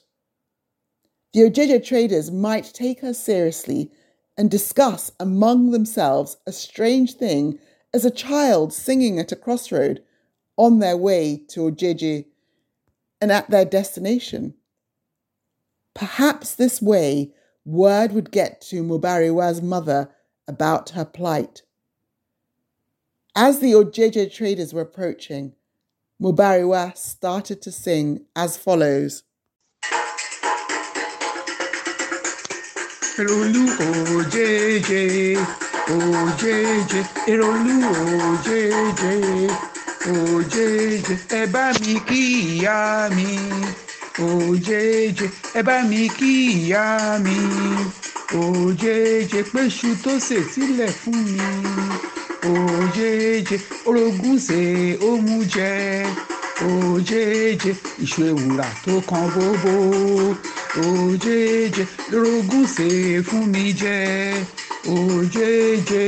Speaker 1: The Ojeje traders might take her seriously and discuss among themselves a strange thing as a child singing at a crossroad on their way to Ojeje and at their destination. Perhaps this way word would get to Mubariwa's mother about her plight. As the Ojeje traders were approaching, Mubariwa started to sing as follows.
Speaker 2: Ojeje, Ojeje, Ojeje, òjèèjè ẹ bá mi kí ìyá mi òjèèjè ẹ bá mi kí ìyá mi òjèèjè péṣu tó sè sílẹ̀ fún mi òjèèjè orogún ṣe ó mú jẹ òjèèjè ìṣù ewùrà tó kan bóbó òjèèjè lorogún ṣe fún mi jẹ òjèèjè.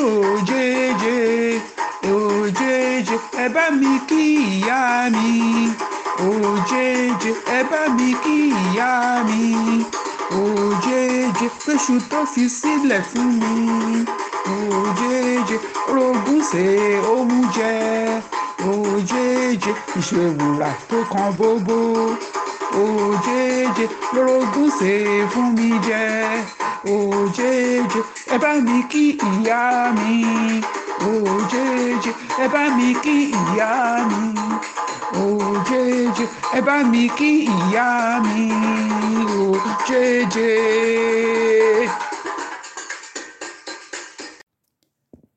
Speaker 2: olójèjè ojeje, ẹ bá mi kí ìyá mi òjèjè ẹ bá mi kí ìyá mi òjèjè péṣu tó fi sílẹ̀ fún mi òjèjè orogún ṣe ó mú ìṣèwúrà tó kan bóbó. Oh lórógún ṣe fún mi jẹ òjèèjè ẹ bá mi kí ìyá mi òjèèjè ẹ bá mi kí ìyá mi òjèèjè ẹ bá mi kí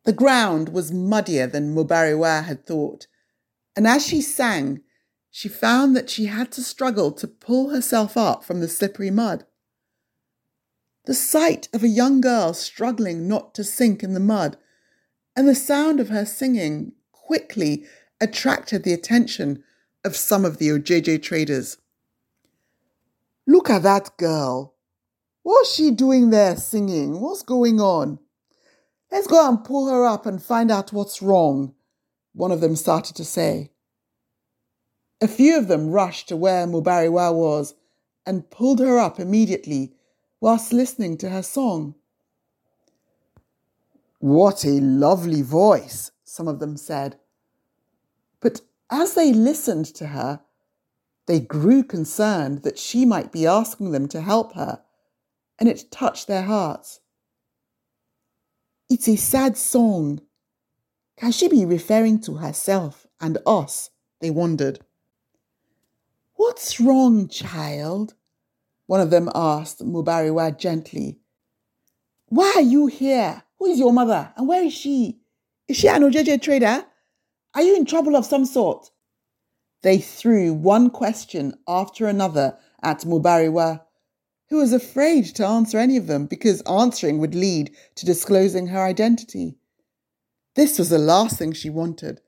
Speaker 1: The ground was muddier than Mubariwa had thought, and as she sang, she found that she had to struggle to pull herself up from the slippery mud. The sight of a young girl struggling not to sink in the mud and the sound of her singing quickly attracted the attention of some of the Ojeje traders. Look at that girl. What's she doing there singing? What's going on? Let's go and pull her up and find out what's wrong, one of them started to say. A few of them rushed to where Mubariwa was and pulled her up immediately whilst listening to her song. What a lovely voice, some of them said. But as they listened to her, they grew concerned that she might be asking them to help her, and it touched their hearts. It's a sad song. Can she be referring to herself and us? They wondered. What's wrong, child? One of them asked Mubariwa gently. Why are you here? Who is your mother and where is she? Is she an Ojeje trader? Are you in trouble of some sort? They threw one question after another at Mubariwa, who was afraid to answer any of them because answering would lead to disclosing her identity. This was the last thing she wanted,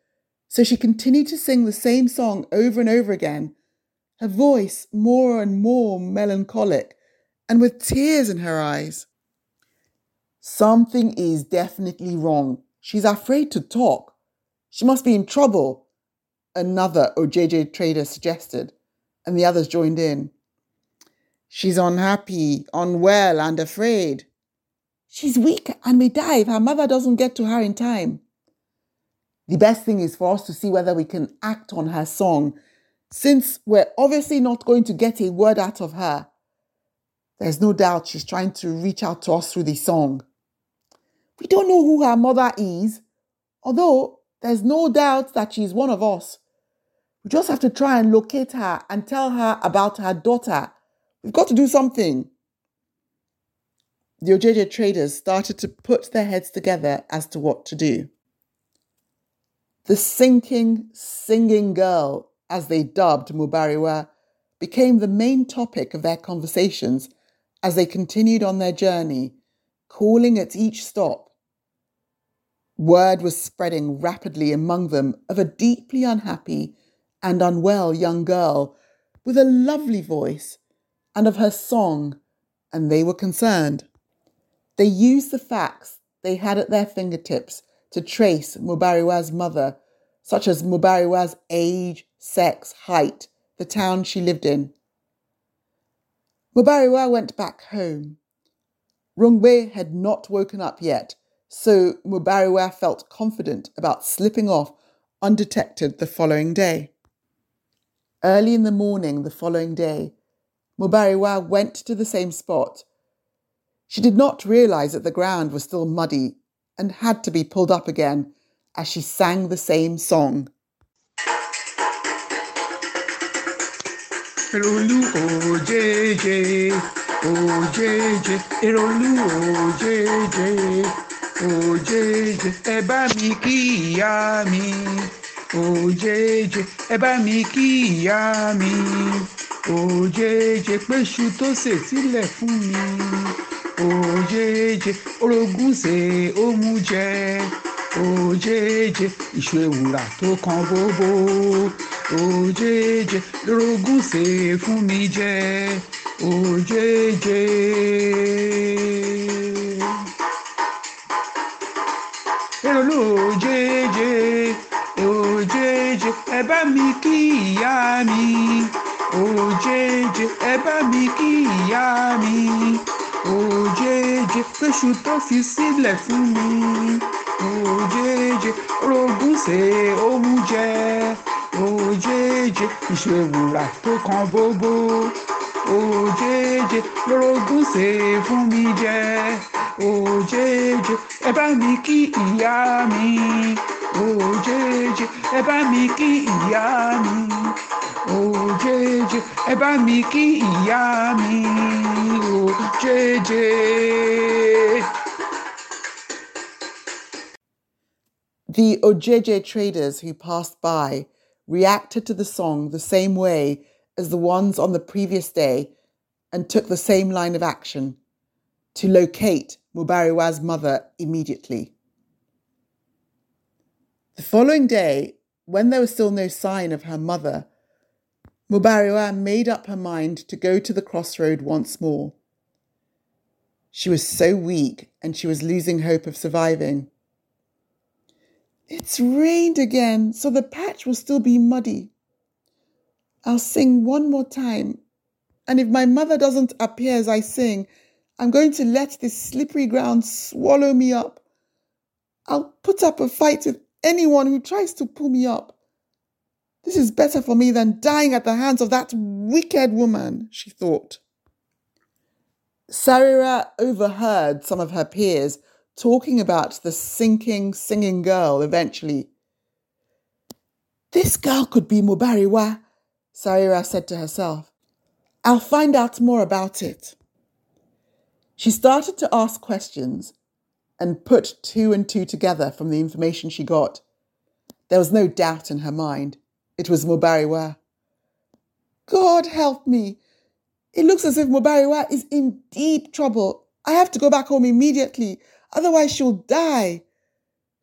Speaker 1: so she continued to sing the same song over and over again her voice more and more melancholic and with tears in her eyes. Something is definitely wrong. She's afraid to talk. She must be in trouble, another OJJ trader suggested, and the others joined in. She's unhappy, unwell, and afraid. She's weak and may die if her mother doesn't get to her in time. The best thing is for us to see whether we can act on her song since we're obviously not going to get a word out of her, there's no doubt she's trying to reach out to us through the song. We don't know who her mother is, although there's no doubt that she's one of us. We just have to try and locate her and tell her about her daughter. We've got to do something. The Ojeje traders started to put their heads together as to what to do. The sinking, singing girl as they dubbed Mubariwa, became the main topic of their conversations as they continued on their journey, calling at each stop. Word was spreading rapidly among them of a deeply unhappy and unwell young girl with a lovely voice and of her song, and they were concerned. They used the facts they had at their fingertips to trace Mubariwa's mother, such as Mubariwa's age, sex, height, the town she lived in. Mubariwa went back home. Rungwe had not woken up yet, so Mubariwa felt confident about slipping off undetected the following day. Early in the morning the following day, Mubariwa went to the same spot. She did not realize that the ground was still muddy and had to be pulled up again as she sang the same
Speaker 2: song. Erolú òjèèjè òjèèjè Erolú òjèèjè òjèèjè ẹ bá mi kí ìyá mi òjèèjè ẹ bá mi kí ìyá mi òjèèjè péṣu tó sè sílẹ̀ fún mi òjèèjè orogún ṣe ó mú jẹ òjèèjè ìṣòwúrà tó kan gbogbo òjèèjè lórogún ṣe fún mi jẹ òjèèjè. èrò lòjèèjè òjèèjè ẹ bá mi kí ìyá mi òjèèjè ẹ bá mi kí ìyá mi òjèèjè péṣu tó fi sílẹ̀ fún mi òjèèjè orogún ṣe ó mú jẹ. tó kan bóbó lórogún ṣe fún mi jẹ ẹ bá mi kí ìyá mi ẹ bá mi kí ìyá mi ẹ bá mi kí ìyá mi
Speaker 1: The Ojeje traders who passed by reacted to the song the same way as the ones on the previous day and took the same line of action to locate Mubariwa's mother immediately. The following day, when there was still no sign of her mother, Mubariwa made up her mind to go to the crossroad once more. She was so weak and she was losing hope of surviving. It's rained again, so the patch will still be muddy. I'll sing one more time, and if my mother doesn't appear as I sing, I'm going to let this slippery ground swallow me up. I'll put up a fight with anyone who tries to pull me up. This is better for me than dying at the hands of that wicked woman, she thought. Sarira overheard some of her peers talking about the sinking, singing girl eventually. This girl could be Mubariwa, Sarah said to herself. I'll find out more about it. She started to ask questions and put two and two together from the information she got. There was no doubt in her mind. It was Mubariwa. God help me. It looks as if Mubariwa is in deep trouble. I have to go back home immediately. Otherwise, she'll die.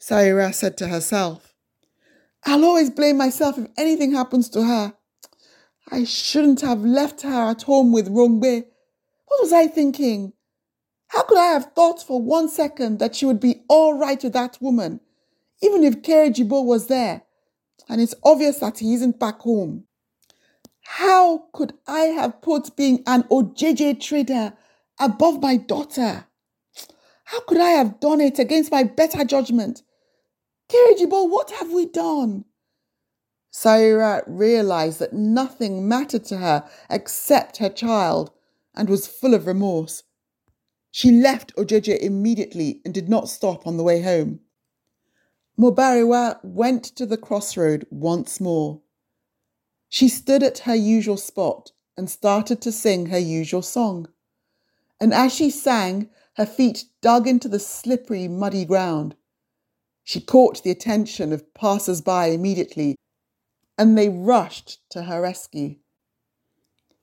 Speaker 1: Saira said to herself. I'll always blame myself if anything happens to her. I shouldn't have left her at home with Rongbe. What was I thinking? How could I have thought for one second that she would be all right with that woman, even if Kerejibo was there? And it's obvious that he isn't back home. How could I have put being an OJJ trader above my daughter? How could I have done it against my better judgment? Kirijibo, what have we done? Saira realized that nothing mattered to her except her child and was full of remorse. She left Ojeje immediately and did not stop on the way home. Mubariwa went to the crossroad once more. She stood at her usual spot and started to sing her usual song. And as she sang, her feet dug into the slippery, muddy ground. She caught the attention of passers by immediately, and they rushed to her rescue.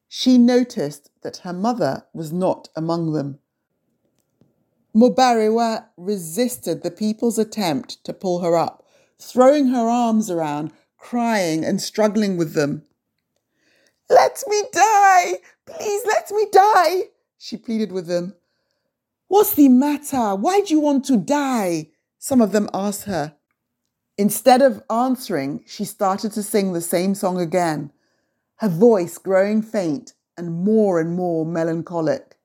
Speaker 1: She noticed that her mother was not among them. Mubariwa resisted the people's attempt to pull her up, throwing her arms around, crying and struggling with them. Let me die! Please let me die! She pleaded with them. What's the matter? Why do you want to die? Some of them asked her. Instead of answering, she started to sing the same song again, her voice growing faint and more and more melancholic.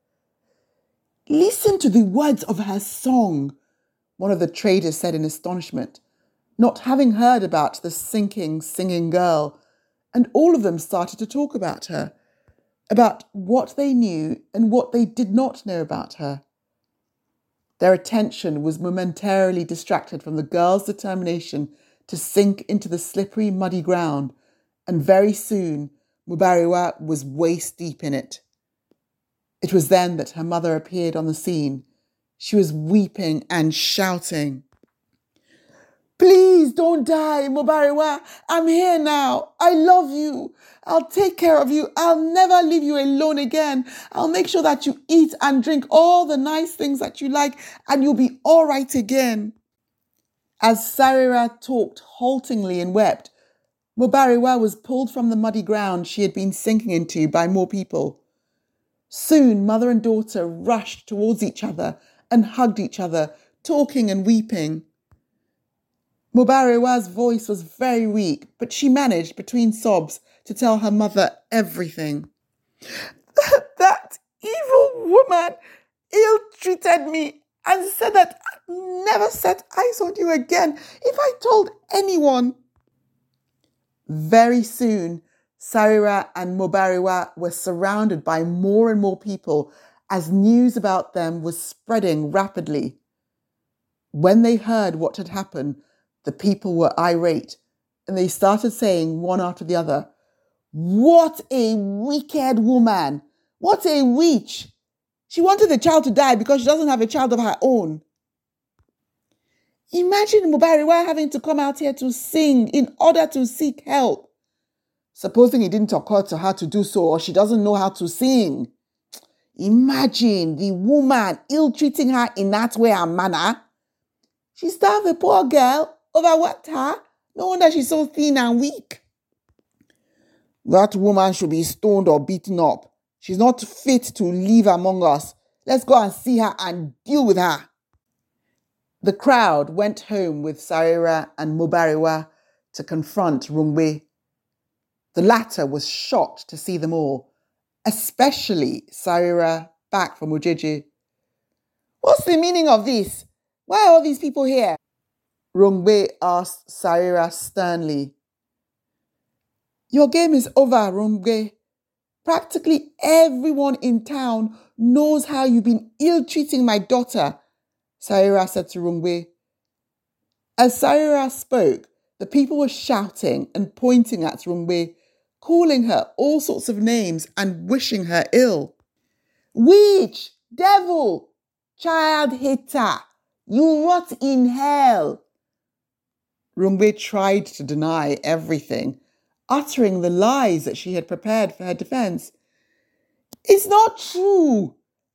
Speaker 1: Listen to the words of her song, one of the traders said in astonishment, not having heard about the sinking, singing girl. And all of them started to talk about her, about what they knew and what they did not know about her. Their attention was momentarily distracted from the girl's determination to sink into the slippery, muddy ground, and very soon Mubariwa was waist deep in it. It was then that her mother appeared on the scene. She was weeping and shouting. Please don't die, Mubariwa. I'm here now. I love you. I'll take care of you. I'll never leave you alone again. I'll make sure that you eat and drink all the nice things that you like and you'll be all right again. As Sarira talked haltingly and wept, Mubariwa was pulled from the muddy ground she had been sinking into by more people. Soon, mother and daughter rushed towards each other and hugged each other, talking and weeping. Mubariwa's voice was very weak, but she managed, between sobs, to tell her mother everything. that evil woman ill treated me and said that I'd never set eyes on you again if I told anyone. Very soon, Sarira and Mobariwa were surrounded by more and more people as news about them was spreading rapidly. When they heard what had happened, the people were irate and they started saying one after the other, what a wicked woman. What a witch. She wanted the child to die because she doesn't have a child of her own. Imagine Mubariwa having to come out here to sing in order to seek help. Supposing it didn't occur to her to do so or she doesn't know how to sing. Imagine the woman ill treating her in that way and manner. She starved a poor girl, overworked her. No wonder she's so thin and weak. That woman should be stoned or beaten up. She's not fit to live among us. Let's go and see her and deal with her. The crowd went home with Saira and Mubariwa to confront Rungwe. The latter was shocked to see them all, especially Saira back from Ujiji. What's the meaning of this? Why are all these people here? Rungwe asked Saira sternly. Your game is over, Rumge. Practically everyone in town knows how you've been ill treating my daughter, Saira said to Rumge. As Saira spoke, the people were shouting and pointing at Rumwe, calling her all sorts of names and wishing her ill. Witch, devil, child hater, you rot in hell. Rumwe tried to deny everything, uttering the lies that she had prepared for her defense. It's not true.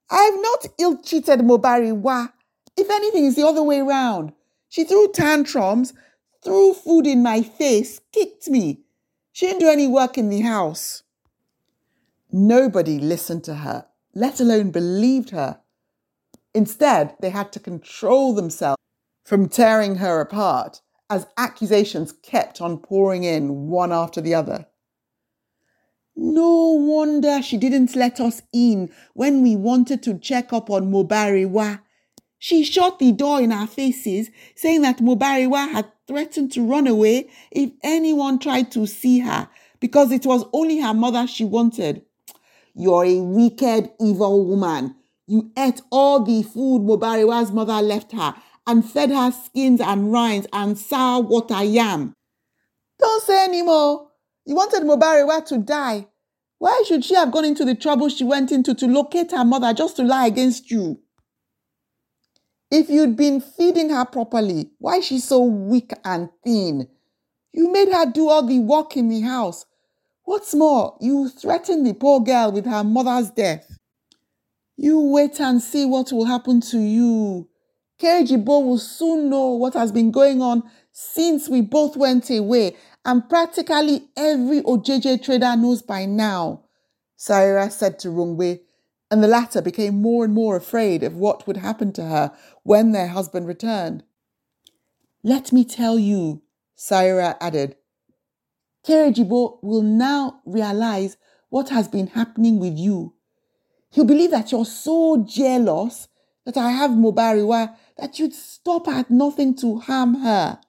Speaker 1: I've not ill treated Mobariwa. If anything, it's the other way round. She threw tantrums, threw food in my face, kicked me. She didn't do any work in the house. Nobody listened to her, let alone believed her. Instead, they had to control themselves from tearing her apart as accusations kept on pouring in one after the other. No wonder she didn't let us in when we wanted to check up on Mubariwa. She shut the door in our faces, saying that Mubariwa had threatened to run away if anyone tried to see her because it was only her mother she wanted. You're a wicked, evil woman. You ate all the food Mubariwa's mother left her and fed her skins and rinds and sour water yam. Don't say any more. You wanted Mubarewa to die. Why should she have gone into the trouble she went into to locate her mother just to lie against you? If you'd been feeding her properly, why is she so weak and thin? You made her do all the work in the house. What's more, you threatened the poor girl with her mother's death. You wait and see what will happen to you. Bo will soon know what has been going on since we both went away, and practically every OJJ trader knows by now, Saira said to Rungwe, and the latter became more and more afraid of what would happen to her when their husband returned. Let me tell you, Saira added, Kerejibo will now realize what has been happening with you. He'll believe that you're so jealous that I have Mobariwa that you'd stop at nothing to harm her.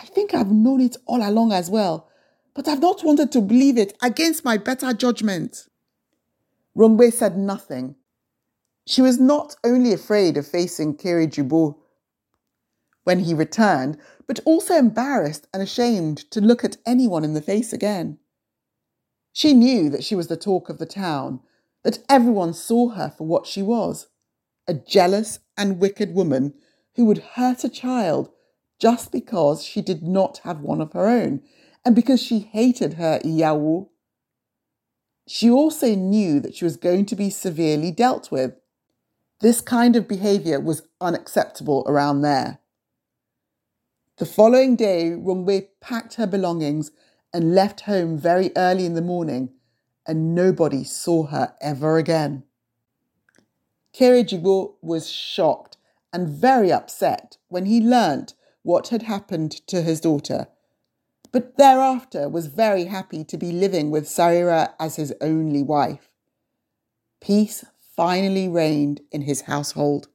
Speaker 1: I think I've known it all along as well, but I've not wanted to believe it against my better judgment. Rongbe said nothing. She was not only afraid of facing Kiri Jubo when he returned, but also embarrassed and ashamed to look at anyone in the face again. She knew that she was the talk of the town, that everyone saw her for what she was a jealous and wicked woman who would hurt a child just because she did not have one of her own and because she hated her Iyawu. She also knew that she was going to be severely dealt with. This kind of behaviour was unacceptable around there. The following day, Rongwei packed her belongings and left home very early in the morning, and nobody saw her ever again. Kirijigo was shocked and very upset when he learnt what had happened to his daughter, but thereafter was very happy to be living with Sarira as his only wife. Peace finally reigned in his household.